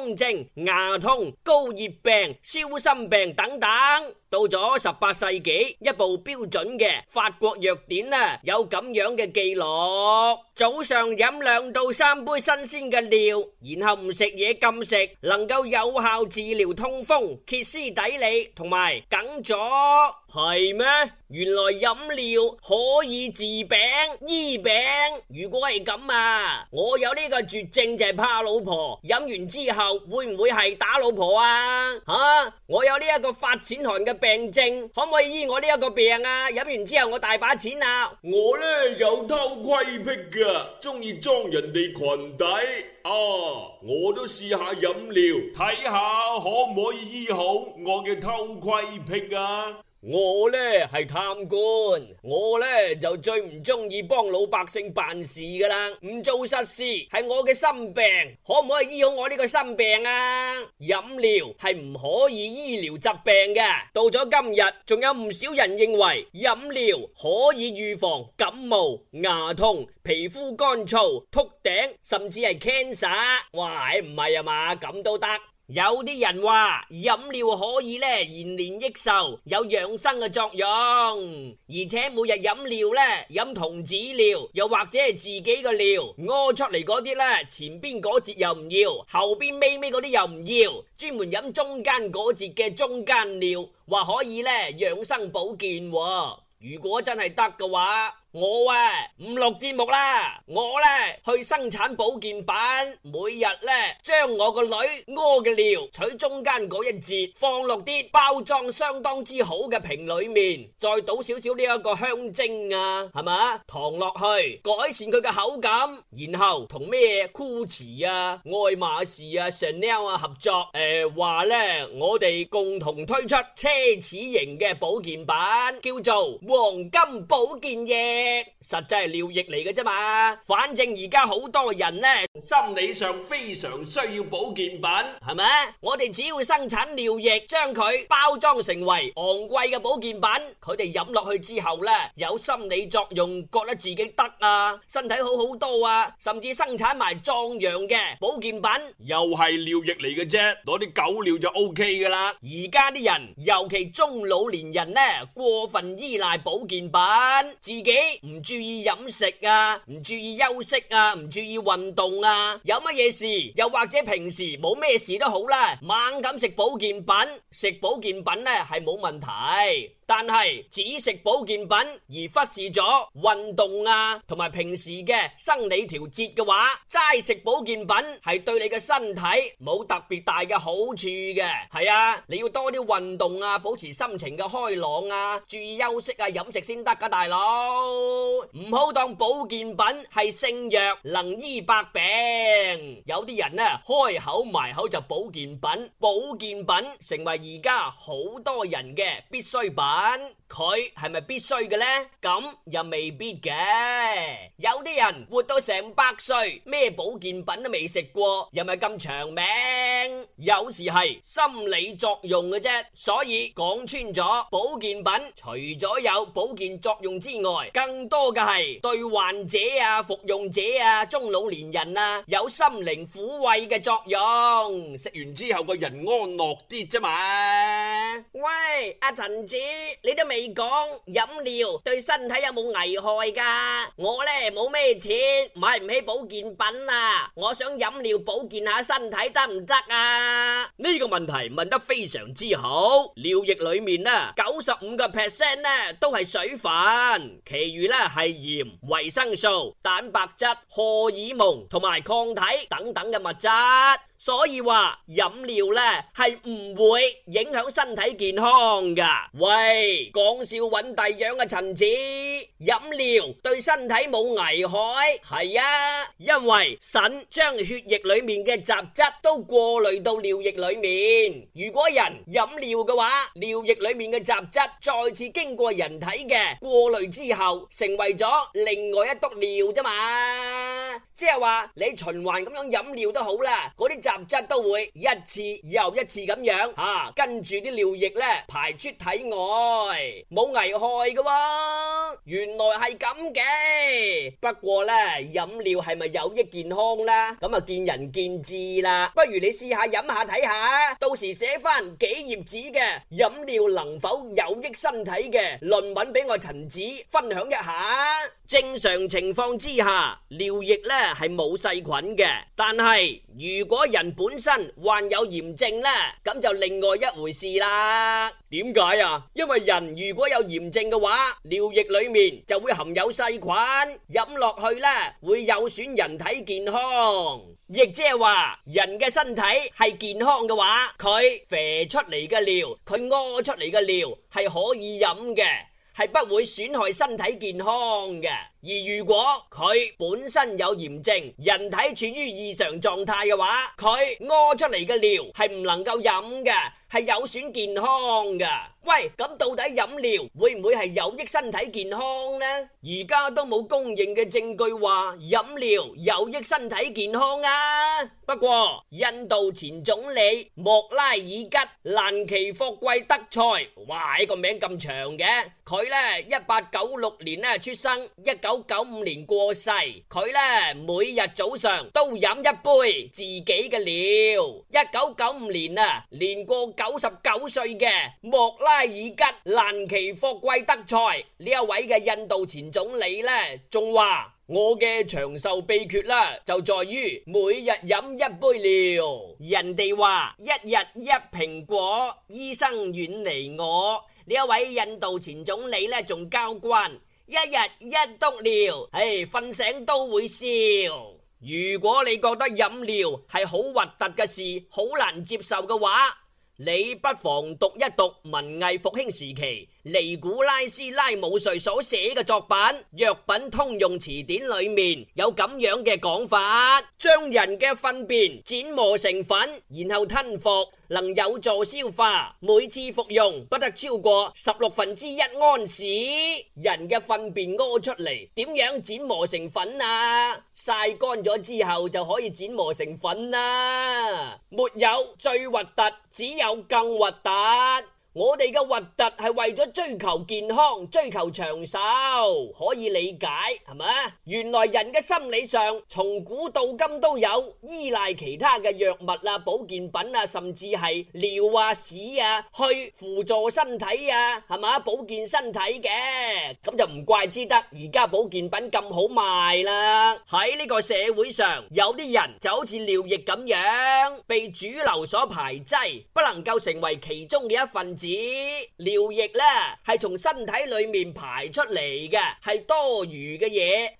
痛症、牙痛、高熱病、燒心病等等。到咗十八世紀，一部標準嘅法國藥典啊，有咁樣嘅記錄：早上飲兩到三杯新鮮嘅尿，然後唔食嘢禁食，能夠有效治療痛風、歇斯底里同埋梗咗。係咩？原來飲尿可以治病醫病。如果係咁啊，我有呢個絕症就係、是、怕老婆，飲完之後會唔會係打老婆啊？吓、啊，我有呢一個發錢寒嘅。病症，可唔可以醫我呢一個病啊？飲完之後我大把錢啊！我呢有偷窺癖㗎，中意裝人哋裙底啊！我都試下飲料，睇下可唔可以醫好我嘅偷窺癖啊！我呢係貪官，我呢就最唔中意幫老百姓辦事㗎喇，唔做實事係我嘅心病，可唔可以醫好我呢個心病啊？飲料係唔可以醫療疾病嘅，到咗今日仲有唔少人認為飲料可以預防感冒、牙痛、皮膚乾燥、禿頂，甚至係 cancer。哇，係唔係啊嘛？咁都得？有啲人話飲尿可以咧延年益壽，有養生嘅作用，而且每日飲尿咧飲童子尿，又或者係自己嘅尿屙出嚟嗰啲咧，前邊嗰節又唔要，後邊尾尾嗰啲又唔要，專門飲中間嗰節嘅中間尿，話可以咧養生保健喎。如果真係得嘅話。我啊唔錄節目啦，我呢，去生產保健品，每日呢，將我個女屙嘅尿取中間嗰一截，放落啲包裝相當之好嘅瓶裏面，再倒少少呢一個香精啊，係嘛糖落去改善佢嘅口感，然後同咩酷馳啊、愛馬仕啊、Chanel 啊合作，誒話呢我哋共同推出奢侈型嘅保健品，叫做黃金保健液。實際係尿液嚟嘅啫嘛，反正而家好多人咧。心理上非常需要保健品，係咪？我哋只要生產尿液，將佢包裝成為昂貴嘅保健品，佢哋飲落去之後咧，有心理作用，覺得自己得啊，身體好好多啊，甚至生產埋壯陽嘅保健品，又係尿液嚟嘅啫，攞啲狗尿就 OK 噶啦。而家啲人，尤其中老年人咧，過分依賴保健品，自己唔注意飲食啊，唔注意休息啊，唔注意運動啊。有乜嘢事，又或者平時冇咩事都好啦，猛咁食保健品，食保健品咧，係冇問題。但係只食保健品而忽視咗運動啊，同埋平時嘅生理調節嘅話，齋食保健品係對你嘅身體冇特別大嘅好處嘅。係啊，你要多啲運動啊，保持心情嘅開朗啊，注意休息啊，飲食先得㗎，大佬。唔好當保健品係聖藥，能醫百病。有啲人呢，開口埋口就保健品，保健品成為而家好多人嘅必需品。佢係咪必須嘅呢？咁又未必嘅。有啲人活到成百歲，咩保健品都未食過，又咪咁長命？有時係心理作用嘅啫。所以講穿咗，保健品除咗有保健作用之外，更多嘅係對患者啊、服用者啊、中老年人啊有心靈撫慰嘅作用。食完之後個人安樂啲啫嘛。喂，阿陳子。你都未講飲料對身體有冇危害噶？我呢冇咩錢，買唔起保健品啊！我想飲料保健下身體得唔得啊？呢個問題問得非常之好。尿液裏面呢，九十五個 percent 呢都係水分，其餘呢係鹽、維生素、蛋白質、荷爾蒙同埋抗體等等嘅物質。所以話飲料呢係唔會影響身體健康噶。喂，講笑搵第樣嘅陳子，飲料對身體冇危害。係啊，因為腎將血液裏面嘅雜質都過濾到尿液裏面。如果人飲尿嘅話，尿液裏面嘅雜質再次經過人體嘅過濾之後，成為咗另外一篤尿咋嘛。即係話你循環咁樣飲尿都好啦，嗰啲雜。雜質都會一次又一次咁樣吓，跟住啲尿液呢，排出體外，冇危害㗎。原來係咁嘅。不過呢，飲料係咪有益健康呢？咁啊，見仁見智啦。不如你試下飲下睇下，到時寫翻幾頁紙嘅飲料能否有益身體嘅論文俾我陳子分享一下。正常情況之下，尿液呢係冇細菌嘅，但係如果有人本身患有炎症呢，咁就另外一回事啦。點解啊？因為人如果有炎症嘅話，尿液裏面就會含有細菌，飲落去呢會有損人體健康。亦即係話，人嘅身體係健康嘅話，佢肥出嚟嘅尿，佢屙出嚟嘅尿係可以飲嘅，係不會損害身體健康嘅。而如果佢本身有炎症，人體處於異常狀態嘅話，佢屙出嚟嘅尿係唔能夠飲嘅，係有損健康嘅。喂，咁到底飲尿會唔會係有益身體健康呢？而家都冇公認嘅證據話飲尿有益身體健康啊。不過印度前總理莫拉爾吉蘭奇霍季德賽，哇，呢個名咁長嘅，佢呢一八九六年呢出生一九。九九五年過世，佢呢每日早上都飲一杯自己嘅料。一九九五年啊，年過九十九歲嘅莫拉爾吉蘭奇霍季德賽呢一位嘅印度前總理呢，仲話我嘅長壽秘訣喇，就在於每日飲一杯料。人哋話一日一蘋果，醫生遠離我。呢一位印度前總理呢，仲交關。一日一篤尿，唉，瞓醒都會笑。如果你覺得飲尿係好核突嘅事，好難接受嘅話，你不妨讀一讀文藝復興時期尼古拉斯拉姆瑞所寫嘅作品《藥品通用詞典》裏面有咁樣嘅講法，將人嘅糞便剪磨成粉，然後吞服，能有助消化，每次服用不得超過十六分之一安士。人嘅糞便屙出嚟，點樣剪磨成粉啊？曬乾咗之後就可以剪磨成粉啦、啊。沒有最核突，只有更核突。我哋嘅核突係為咗追求健康、追求長壽，可以理解，係咪啊？原來人嘅心理上，從古到今都有依賴其他嘅藥物啊、保健品啊，甚至係尿啊、屎啊，去輔助身體啊，係咪啊？保健身體嘅，咁就唔怪之得而家保健品咁好賣啦。喺呢個社會上，有啲人就好似尿液咁樣，被主流所排擠，不能夠成為其中嘅一份。子，尿液咧，係從身體裏面排出嚟嘅，係多餘嘅嘢。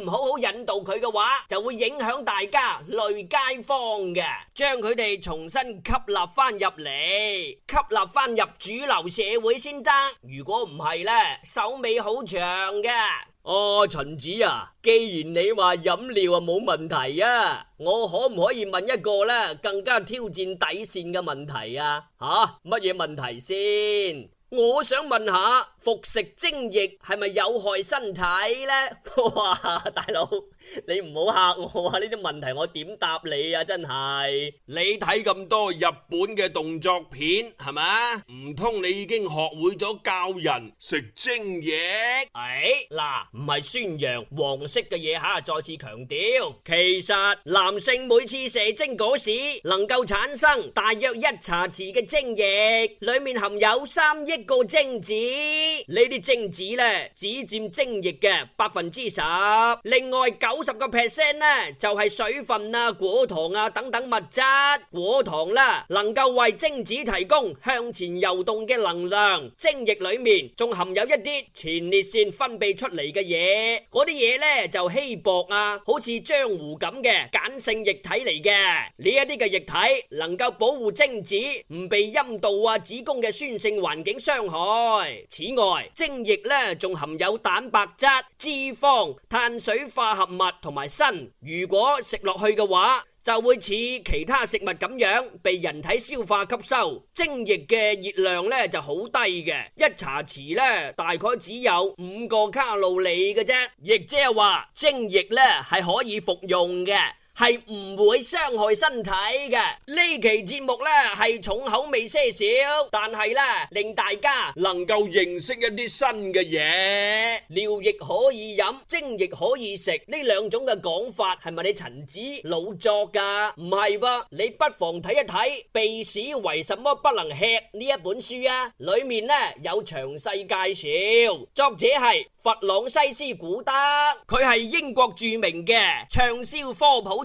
唔好好引導佢嘅話，就會影響大家累街坊嘅，將佢哋重新吸納翻入嚟，吸納翻入主流社會先得。如果唔係呢，手尾好長嘅。哦，秦子啊，既然你話飲料啊冇問題啊，我可唔可以問一個呢更加挑戰底線嘅問題啊？吓，啊，乜嘢問題先？我想問下，服食精液係咪有害身體呢？哇，大佬，你唔好吓我啊！呢啲問題我點答你啊？真係，你睇咁多日本嘅動作片係咪？唔通你已經學會咗教人食精液？係嗱、哎，唔係宣揚黃色嘅嘢。吓，再次強調，其實男性每次射精嗰時，能夠產生大約一茶匙嘅精液，裏面含有三億個精子，呢啲精子咧，只佔精液嘅百分之十，另外九十個 percent 咧，就係水分啊、果糖啊等等物質。果糖啦，能夠為精子提供向前游動嘅能量。精液裏面仲含有一啲前列腺分泌出嚟嘅嘢，嗰啲嘢咧就稀薄啊，好似漿糊咁嘅鹼性液體嚟嘅。呢一啲嘅液體能夠保護精子唔被陰道啊、子宮嘅酸性環境傷傷害。此外，精液咧仲含有蛋白質、脂肪、碳水化合物同埋鋅。如果食落去嘅話，就會似其他食物咁樣被人體消化吸收。精液嘅熱量咧就好低嘅，一茶匙咧大概只有五個卡路里嘅啫。亦即係話，精液咧係可以服用嘅。係唔會傷害身體嘅。呢期節目呢係重口味些少，但係呢，令大家能夠認識一啲新嘅嘢。尿液可以飲，精液可以食呢兩種嘅講法係咪你陳子老作噶？唔係噃，你不妨睇一睇《鼻屎為什麼不能吃》呢一本書啊，裏面呢有詳細介紹，作者係弗朗西斯古德，佢係英國著名嘅暢銷科普。